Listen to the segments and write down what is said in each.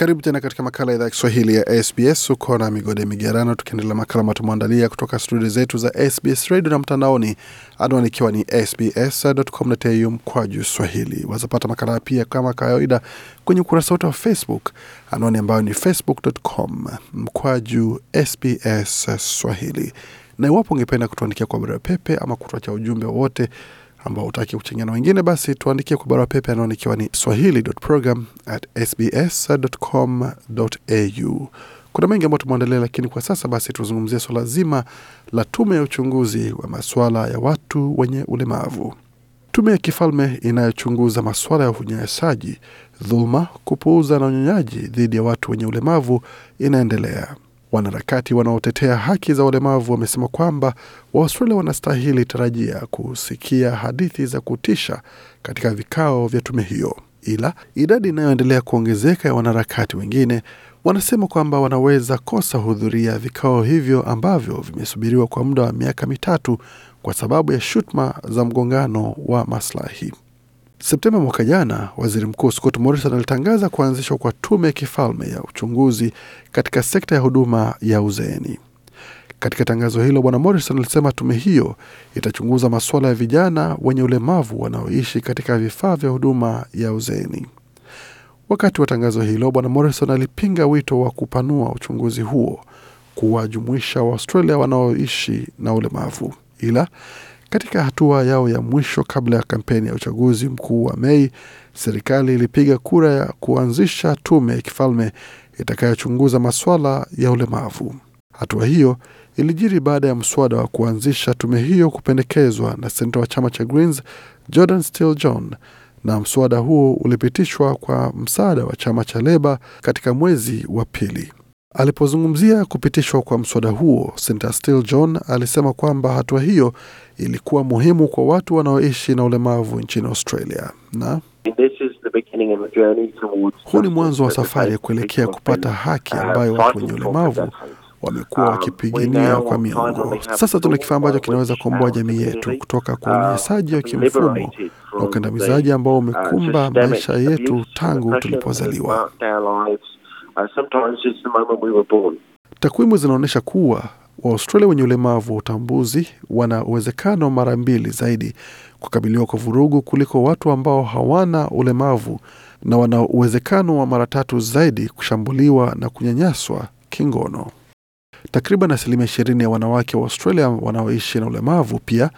Karibu tena katika makala ya idhaa ya Kiswahili ya SBS. Uko na Migode Migerano tukiendelea makala matumeandalia kutoka studio zetu za SBS radio na mtandaoni, anwani ikiwa ni sbs.com.au mkwaju swahili. Wazapata makala pia kama kawaida kwenye ukurasa wote wa Facebook, anwani ambayo ni facebook.com mkwaju sbs swahili. Na iwapo ungependa kutuandikia kwa barua pepe ama kutuacha ujumbe wowote ambao utaki kuchangia na wengine, basi tuandikie kwa barua pepe anaoni ikiwa ni swahili.program Kuna mengi ambayo tumeandalia, lakini kwa sasa basi tuzungumzie swala zima la tume ya uchunguzi wa masuala ya watu wenye ulemavu. Tume ya kifalme inayochunguza masuala ya unyanyasaji, dhuluma, kupuuza na unyonyaji dhidi ya watu wenye ulemavu inaendelea. Wanaharakati wanaotetea haki za walemavu wamesema kwamba Waaustralia wanastahili tarajia kusikia hadithi za kutisha katika vikao vya tume hiyo, ila idadi inayoendelea kuongezeka ya wanaharakati wengine wanasema kwamba wanaweza kosa hudhuria vikao hivyo ambavyo vimesubiriwa kwa muda wa miaka mitatu kwa sababu ya shutuma za mgongano wa maslahi. Septemba mwaka jana, waziri mkuu Scott Morrison alitangaza kuanzishwa kwa tume ya kifalme ya uchunguzi katika sekta ya huduma ya uzeeni. Katika tangazo hilo, bwana Morrison alisema tume hiyo itachunguza masuala ya vijana wenye ulemavu wanaoishi katika vifaa vya huduma ya uzeeni. Wakati wa tangazo hilo, bwana Morrison alipinga wito wa kupanua uchunguzi huo kuwajumuisha Waaustralia wanaoishi na ulemavu, ila katika hatua yao ya mwisho kabla ya kampeni ya uchaguzi mkuu wa Mei, serikali ilipiga kura ya kuanzisha tume ya kifalme itakayochunguza masuala ya ulemavu. Hatua hiyo ilijiri baada ya mswada wa kuanzisha tume hiyo kupendekezwa na senta wa chama cha Greens Jordan Steele John, na mswada huo ulipitishwa kwa msaada wa chama cha Leba katika mwezi wa pili. Alipozungumzia kupitishwa kwa mswada huo, Seneta Still John alisema kwamba hatua hiyo ilikuwa muhimu kwa watu wanaoishi na ulemavu nchini Australia na huu ni mwanzo wa safari ya kuelekea kupata haki ambayo watu wenye ulemavu wamekuwa um, wakipigania kwa miongo. Sasa tuna kifaa ambacho kinaweza kuomboa jamii yetu kutoka kwa uh, unyanyasaji wa kimfumo na ukandamizaji ambao uh, umekumba maisha yetu tangu tulipozaliwa. Uh, sometimes it's the moment we were born. Takwimu zinaonyesha kuwa Waaustralia wenye ulemavu wa utambuzi wana uwezekano mara mbili zaidi kukabiliwa kwa vurugu kuliko watu ambao hawana ulemavu na wana uwezekano wa mara tatu zaidi kushambuliwa na kunyanyaswa kingono. Takriban asilimia ishirini ya wanawake wa Australia wanaoishi na ulemavu pia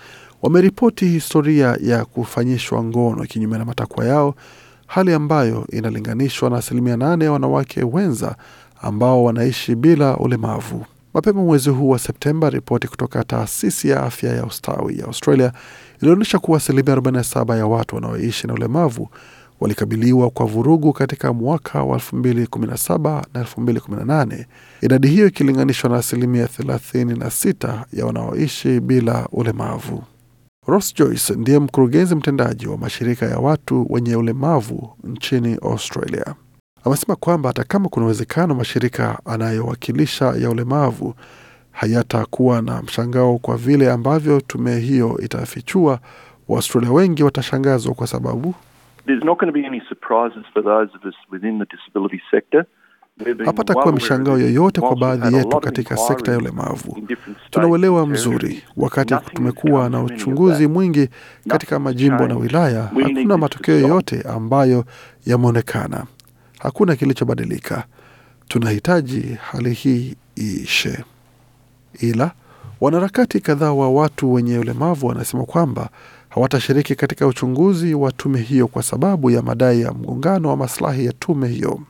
wameripoti historia ya kufanyishwa ngono kinyume na matakwa yao hali ambayo inalinganishwa na asilimia nane ya wanawake wenza ambao wanaishi bila ulemavu. Mapema mwezi huu wa Septemba, ripoti kutoka taasisi ya afya ya ustawi ya Australia ilionyesha kuwa asilimia 47 ya watu wanaoishi na ulemavu walikabiliwa kwa vurugu katika mwaka wa 2017 na 2018, idadi hiyo ikilinganishwa na asilimia 36 ya wanaoishi bila ulemavu. Ross Joyce ndiye mkurugenzi mtendaji wa mashirika ya watu wenye ulemavu nchini Australia. Amesema kwamba hata kama kuna uwezekano mashirika anayowakilisha ya ulemavu hayatakuwa na mshangao kwa vile ambavyo tume hiyo itafichua, Waaustralia wengi watashangazwa kwa sababu Hapatakuwa mishangao yoyote kwa baadhi yetu katika sekta ya ulemavu. Tunauelewa mzuri. Wakati tumekuwa na uchunguzi mwingi katika majimbo na wilaya, hakuna matokeo yoyote ambayo yameonekana. Hakuna kilichobadilika. Tunahitaji hali hii iishe. Ila wanaharakati kadhaa wa watu wenye ulemavu wanasema kwamba hawatashiriki katika uchunguzi wa tume hiyo kwa sababu ya madai ya mgongano wa maslahi ya tume hiyo.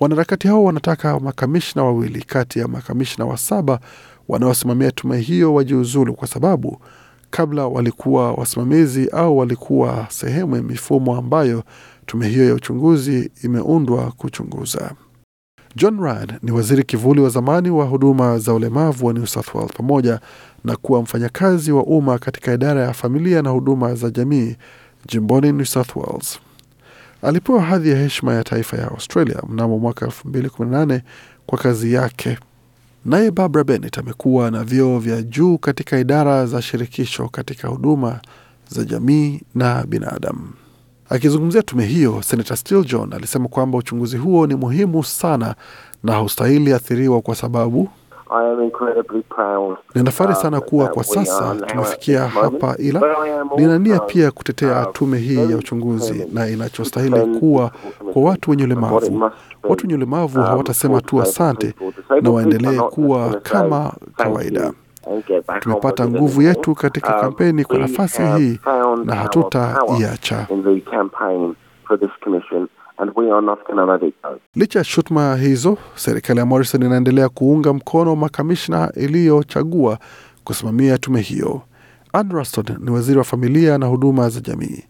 Wanaharakati hao wanataka makamishna wawili kati ya makamishna wa saba wanaosimamia tume hiyo wajiuzulu kwa sababu kabla walikuwa wasimamizi au walikuwa sehemu ya mifumo ambayo tume hiyo ya uchunguzi imeundwa kuchunguza. John Ryan ni waziri kivuli wa zamani wa huduma za ulemavu wa New South Wales pamoja na kuwa mfanyakazi wa umma katika idara ya familia na huduma za jamii jimboni New South Wales. Alipewa hadhi ya heshima ya taifa ya Australia mnamo mwaka 2018 kwa kazi yake. Naye Barbara Bennett amekuwa na vyeo vya juu katika idara za shirikisho katika huduma za jamii na binadamu. Akizungumzia tume hiyo, Senator John alisema kwamba uchunguzi huo ni muhimu sana na haustahili athiriwa kwa sababu Ninafurahi uh, sana kuwa kwa sasa tumefikia hapa, ila nina nia pia kutetea uh, tume hii ya uchunguzi na inachostahili kuwa kwa watu wenye ulemavu. Watu wenye ulemavu um, hawatasema tu asante na waendelee kuwa kama kawaida. Tumepata nguvu yetu katika um, kampeni kwa nafasi hii na hatutaiacha alipoiona African Licha ya shutuma hizo, serikali ya Morrison inaendelea kuunga mkono makamishna iliyochagua kusimamia tume hiyo. Ann Ruston ni waziri wa familia na huduma za jamii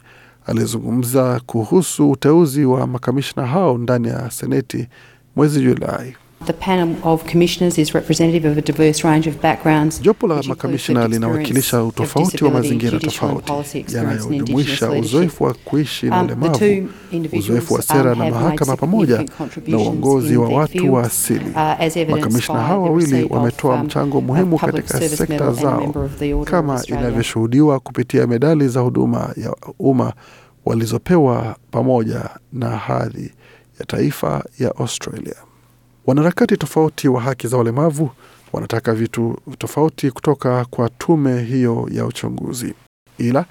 aliyezungumza kuhusu uteuzi wa makamishna hao ndani ya seneti mwezi Julai. Jopo la makamishna linawakilisha utofauti wa mazingira tofauti yanayojumuisha uzoefu wa kuishi na um, ulemavu, uzoefu wa um, sera na mahakama, pamoja na uongozi wa watu wa asili. Uh, makamishna hawa wawili wametoa um, mchango muhimu katika sekta zao, kama inavyoshuhudiwa kupitia medali za huduma ya umma walizopewa pamoja na hadhi ya taifa ya Australia. Wanaharakati tofauti wa haki za walemavu wanataka vitu tofauti kutoka kwa tume hiyo ya uchunguzi, ila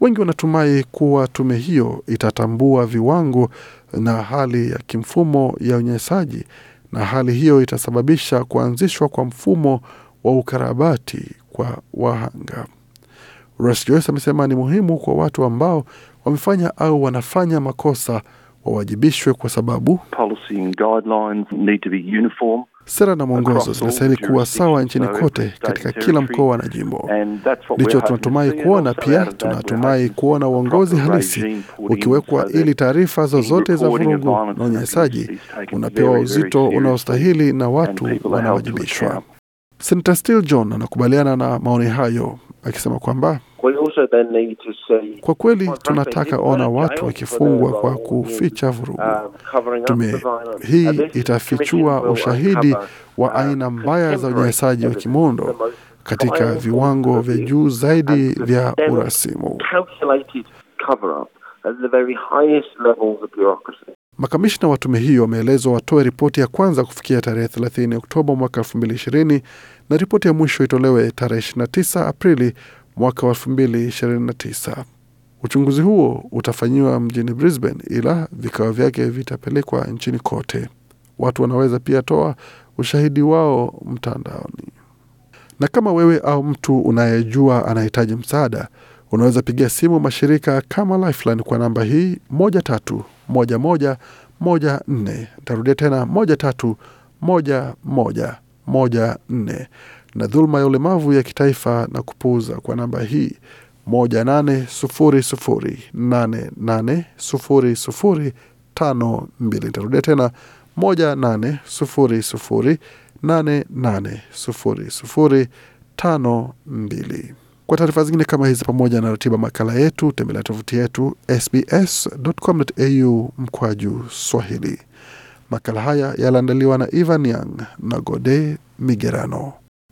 wengi wanatumai kuwa tume hiyo itatambua viwango na hali ya kimfumo ya unyanyasaji, na hali hiyo itasababisha kuanzishwa kwa mfumo wa ukarabati kwa wahanga. Rais Joyce amesema ni muhimu kwa watu ambao wamefanya au wanafanya makosa wawajibishwe kwa sababu sera na mwongozo zinastahili kuwa sawa nchini kote katika kila mkoa na jimbo. Ndicho tunatumai kuona. Pia tunatumai kuona uongozi halisi ukiwekwa, ili taarifa zozote za vurugu na unyanyasaji unapewa uzito unaostahili na watu wanawajibishwa. Senata Steele John anakubaliana na maoni hayo akisema kwamba kwa kweli tunataka ona watu wakifungwa kwa kuficha vurugu. Um, tume hii itafichua ushahidi wa uh, aina mbaya za unyanyasaji wa kimondo katika viwango vya juu zaidi vya urasimu. Makamishna wa tume hiyo wameelezwa watoe ripoti ya kwanza kufikia tarehe 30 Oktoba mwaka 2020 na ripoti ya mwisho itolewe tarehe 29 Aprili mwaka wa 2029. Uchunguzi huo utafanyiwa mjini Brisbane, ila vikao vyake vitapelekwa nchini kote. Watu wanaweza pia toa ushahidi wao mtandaoni. Na kama wewe au mtu unayejua anahitaji msaada, unaweza pigia simu mashirika kama Lifeline kwa namba hii 131114. Tarudia tena 131114 na dhuluma ya ulemavu ya kitaifa na kupuuza kwa namba hii 18008800520. Nitarudia tena mbili. Kwa taarifa zingine kama hizi pamoja na ratiba makala yetu tembelea tovuti yetu sbs.com.au mkwaju Swahili. Makala haya yaliandaliwa na Ivan Young na Gode Migerano.